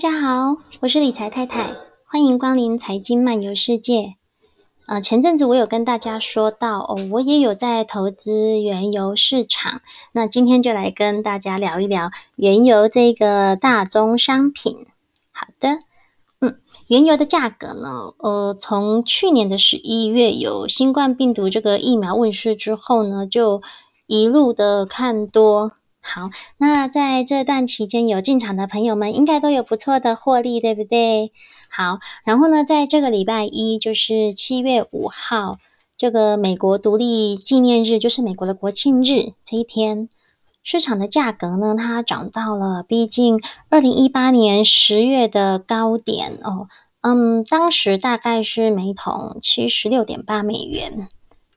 大家好，我是理財太太，歡迎光臨財經漫遊世界。呃，前陣子我有跟大家說到，哦，我也有在投資原油市場。那今天就來跟大家聊一聊原油這個大宗商品。好的，嗯，原油的價格呢，呃，從去年的十一月有新冠病毒這個疫苗問世之後呢，就一路的看多。好，那在這段期間有進場的朋友們應該都有不錯的獲利，對不對？好，然後呢，在這個禮拜一，就是七月五號，這個美國獨立紀念日，就是美國的國慶日這一天，市場的價格呢，它漲到了，逼近二零一八年十月的高點哦，嗯，當時大概是每一桶七十六點八美元。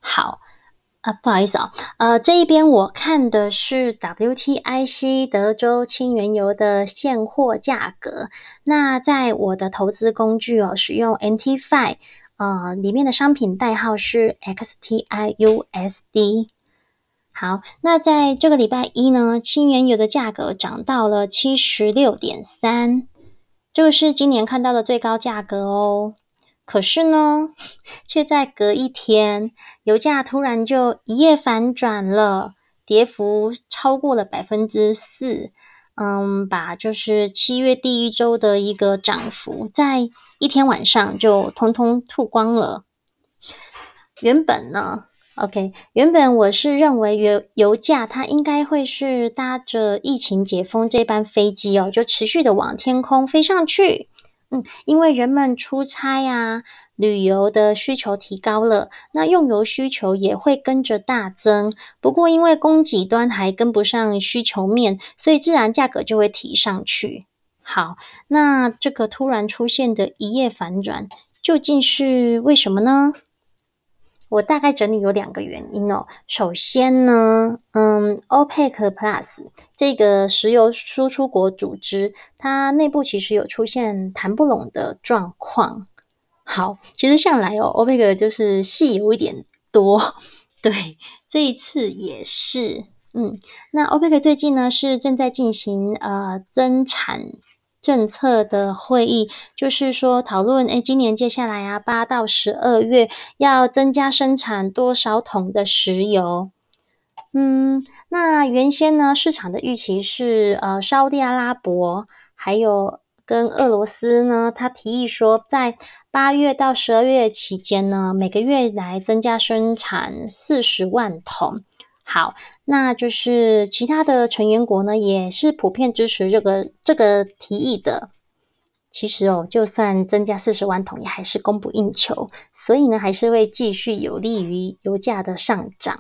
好。啊，不好意思啊、哦，呃，這一邊我看的是 WTIC 德州輕原油的現貨價格。那在我的投資工具哦，使用 MT5，呃，裡面的商品代號是 XTIUSD。好，那在這個禮拜一呢，輕原油的價格漲到了七十六點三，這個是今年看到的最高價格哦。可是呢，卻在隔一天，油價突然就一夜反轉了，跌幅超過了百分之四，嗯，把就是七月第一周的一個漲幅，在一天晚上就通通吐光了。原本呢，OK，原本我是認為油油價它應該會是搭着疫情解封這班飛機哦，就持續的往天空飛上去。嗯，因為人們出差呀、旅遊的需求提高了，那用油需求也會跟着大增。不過因為供給端還跟不上需求面，所以自然價格就會提上去。好，那這個突然出現的一夜反轉，究竟是為什麼呢？我大概整理有兩個原因哦。首先呢，嗯，OPEC Plus 這個石油輸出國組織，它內部其實有出現談不攏的狀況。好，其實向來哦，OPEC 就是戲有一點多，對，這一次也是，嗯，那 OPEC 最近呢是正在進行呃增產。政策的會議，就是說討論，誒今年接下來啊，八到十二月要增加生產多少桶的石油？嗯，那原先呢，市場的預期是，呃，沙烏地阿拉伯還有跟俄羅斯呢，他提議說，在八月到十二月期間呢，每個月來增加生產四十萬桶。好，那就是其他的成員國呢，也是普遍支持這個這個提議的。其實哦，就算增加四十萬桶，也還是供不應求，所以呢，還是會繼續有利於油價的上漲。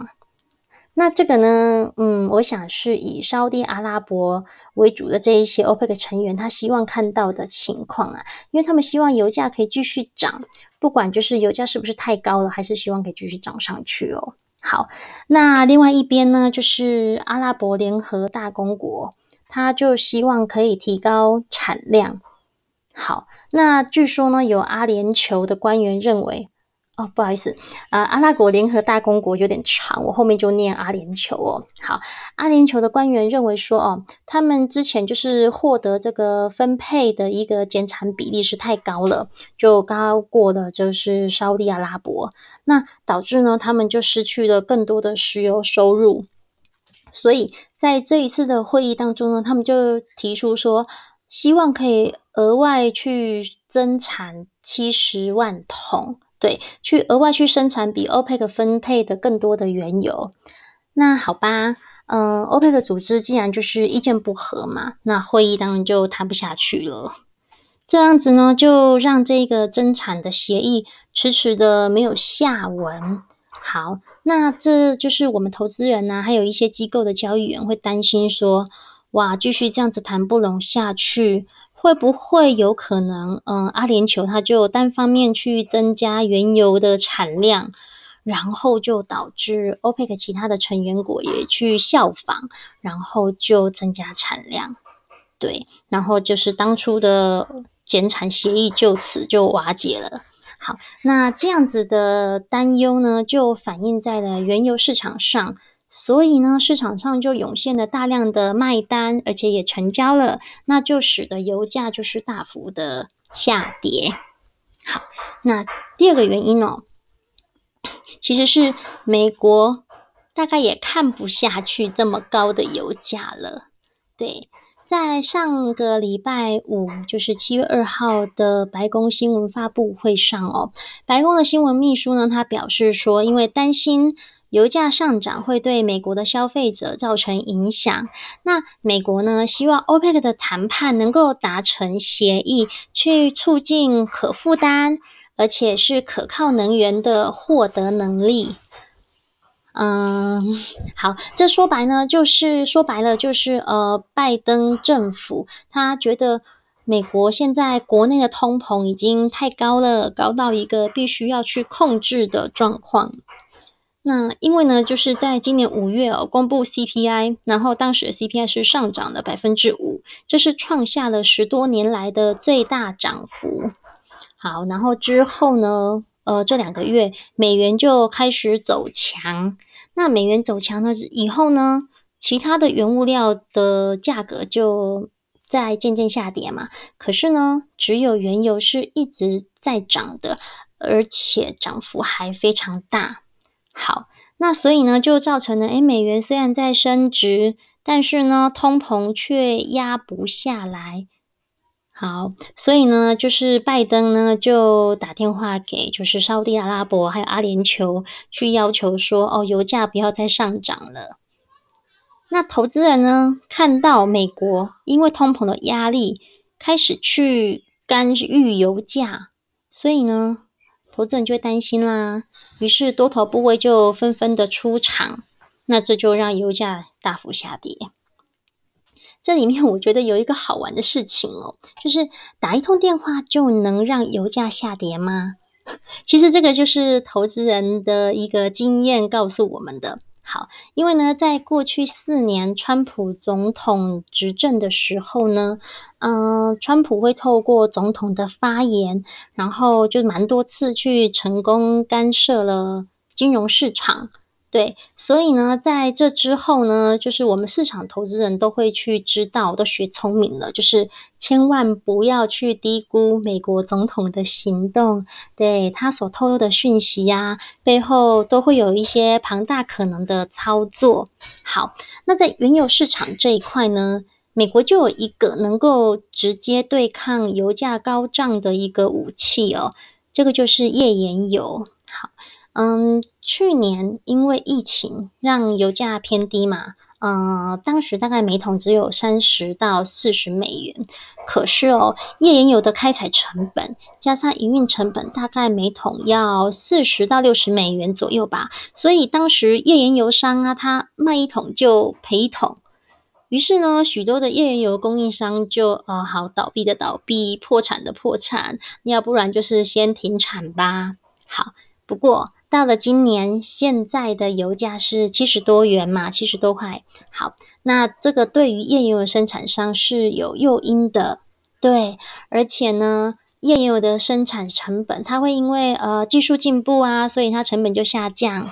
那這個呢，嗯，我想是以沙烏地、阿拉伯為主的這一些歐佩克成員，他希望看到的情況啊，因為他們希望油價可以繼續漲，不管就是油價是不是太高了，還是希望可以繼續漲上去哦。好，那另外一邊呢，就是阿拉伯聯合大公國，他就希望可以提高產量。好，那據說呢，有阿聯酋的官員認為。哦，不好意思，呃，阿拉伯聯合大公國有點長，我後面就念阿聯酋哦。好，阿聯酋的官員認為說，哦，他們之前就是獲得這個分配的一個減產比例是太高了，就高過了就是沙烏地阿拉伯，那導致呢，他們就失去了更多的石油收入，所以在這一次的會議當中呢，他們就提出說，希望可以額外去增產七十萬桶。對，去額外去生產比歐佩克分配的更多的原油，那好吧，嗯、呃，歐佩克組織既然就是意見不合嘛，那會議當然就談不下去了，這樣子呢，就讓這個增產的協議遲遲遲的沒有下文。好，那這就是我們投資人呢，啊，還有一些機構的交易員會擔心說，哇，繼續這樣子談不攏下去。會不會有可能，嗯，阿聯酋它就單方面去增加原油的產量，然後就導致 OPEC 其他的成員國也去效仿，然後就增加產量，對，然後就是當初的減產協議就此就瓦解了。好，那這樣子的擔憂呢，就反映在了原油市場上。所以呢，市場上就湧現了大量的賣單，而且也成交了，那就使得油價就是大幅的下跌。好，那第二個原因哦，其實是美國大概也看不下去這麼高的油價了。對，在上個禮拜五，就是七月二號的白宮新聞發布會上哦，白宮的新聞秘書呢，他表示說，因為擔心油價上漲會對美國的消費者造成影響。那美國呢，希望 OPEC 的談判能夠達成協議，去促進可負擔而且是可靠能源的獲得能力。嗯，好，這說白呢，就是說白了，就是呃，拜登政府，他覺得美國現在國內的通膨已經太高了，高到一個必須要去控制的狀況。那因為呢，就是在今年五月哦，公布 CPI，然後當時的 CPI 是上漲了百分之五，這是創下了十多年來的最大漲幅。好，然後之後呢，呃，這兩個月美元就開始走強，那美元走強了以後呢，其他的原物料的價格就在漸漸下跌嘛，可是呢，只有原油是一直在漲的，而且漲幅還非常大。那所以呢，就造成了，誒美元雖然在升值，但是呢，通膨卻壓不下來。好，所以呢，就是拜登呢，就打電話給就是沙烏地阿拉伯還有阿聯酋，去要求說，哦，油價不要再上漲了。那投資人呢，看到美國因為通膨的壓力，開始去干預油價，所以呢，投資人就會擔心啦，於是多頭部位就紛紛的出場，那這就讓油價大幅下跌。這裡面我覺得有一個好玩的事情哦，就是打一通電話就能讓油價下跌嗎？其實這個就是投資人的一個經驗告訴我們的。好，因為呢，在過去四年川普總統執政的時候呢，嗯、呃，川普會透過總統的發言，然後就蠻多次去成功干涉了金融市場。對，所以呢，在這之後呢，就是我們市場投資人都會去知道，我都學聰明了，就是千萬不要去低估美國總統的行動，對，他所透露的訊息呀、啊，背後都會有一些龐大可能的操作。好，那在原油市場這一塊呢，美國就有一個能夠直接對抗油價高漲的一個武器哦，這個就是頁岩油。好，嗯。去年因為疫情讓油價偏低嘛，呃，當時大概每桶只有三十到四十美元。可是哦，頁岩油的開採成本加上營運成本，大概每桶要四十到六十美元左右吧。所以當時頁岩油商啊，他賣一桶就賠一桶。於是呢，許多的頁岩油供應商就，呃，好，倒閉的倒閉，破產的破產，要不然就是先停產吧。好，不過。到了今年，現在的油價是七十多元嘛，七十多塊。好，那這個對於頁岩油生產商是有誘因的，對。而且呢，頁岩油的生產成本，它會因為呃技術進步啊，所以它成本就下降。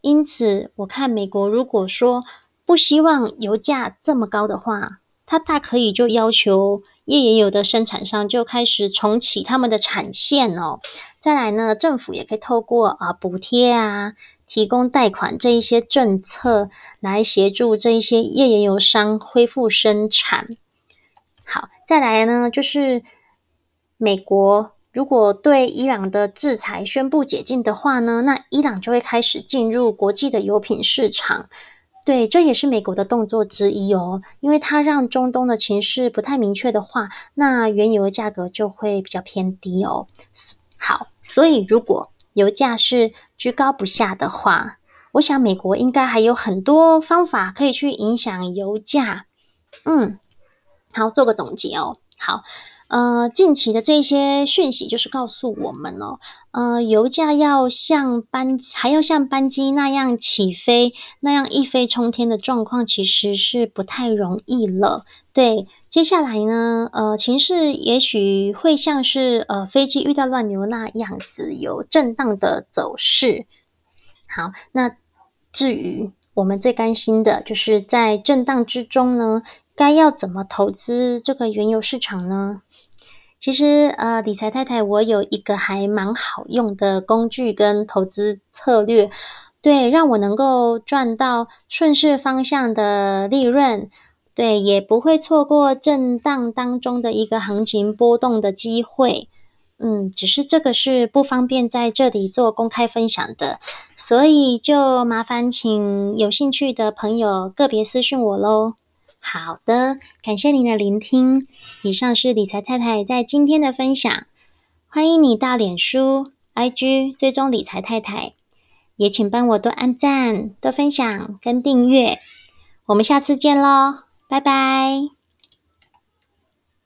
因此，我看美國如果說不希望油價這麼高的話，它大可以就要求頁岩油的生產商就開始重啟他們的產線哦。再來呢，政府也可以透過啊、呃、補貼啊，提供貸款這一些政策來協助這一些頁岩油商恢復生產。好，再來呢，就是美國如果對伊朗的制裁宣布解禁的話呢，那伊朗就會開始進入國際的油品市場。對，這也是美國的動作之一哦，因為它讓中東的情勢不太明確的話，那原油的價格就會比較偏低哦。好，所以如果油價是居高不下的話，我想美國應該還有很多方法可以去影響油價。嗯，好，做個總結哦。好。呃，近期的這些訊息就是告訴我們哦，呃，油價要像班還要像班機那樣起飛，那樣一飛沖天的狀況其實是不太容易了。對，接下來呢，呃，情勢也許會像是呃飛機遇到亂流那樣子，有震盪的走勢。好，那至於我們最擔心的就是在震盪之中呢，該要怎麼投資這個原油市場呢？其實，呃，理財太太，我有一個還蠻好用的工具跟投資策略，對，讓我能夠賺到順勢方向的利潤，對，也不會錯過震盪當中的一個行情波動的機會。嗯，只是這個是不方便在這裡做公開分享的，所以就麻煩請有興趣的朋友個別私訊我嘍。好的，感謝您的聆聽。以上是理財太太在今天的分享。歡迎你到臉書、IG 追蹤理財太太，也請幫我多按讚、多分享跟訂閱。我們下次見嘍，拜拜。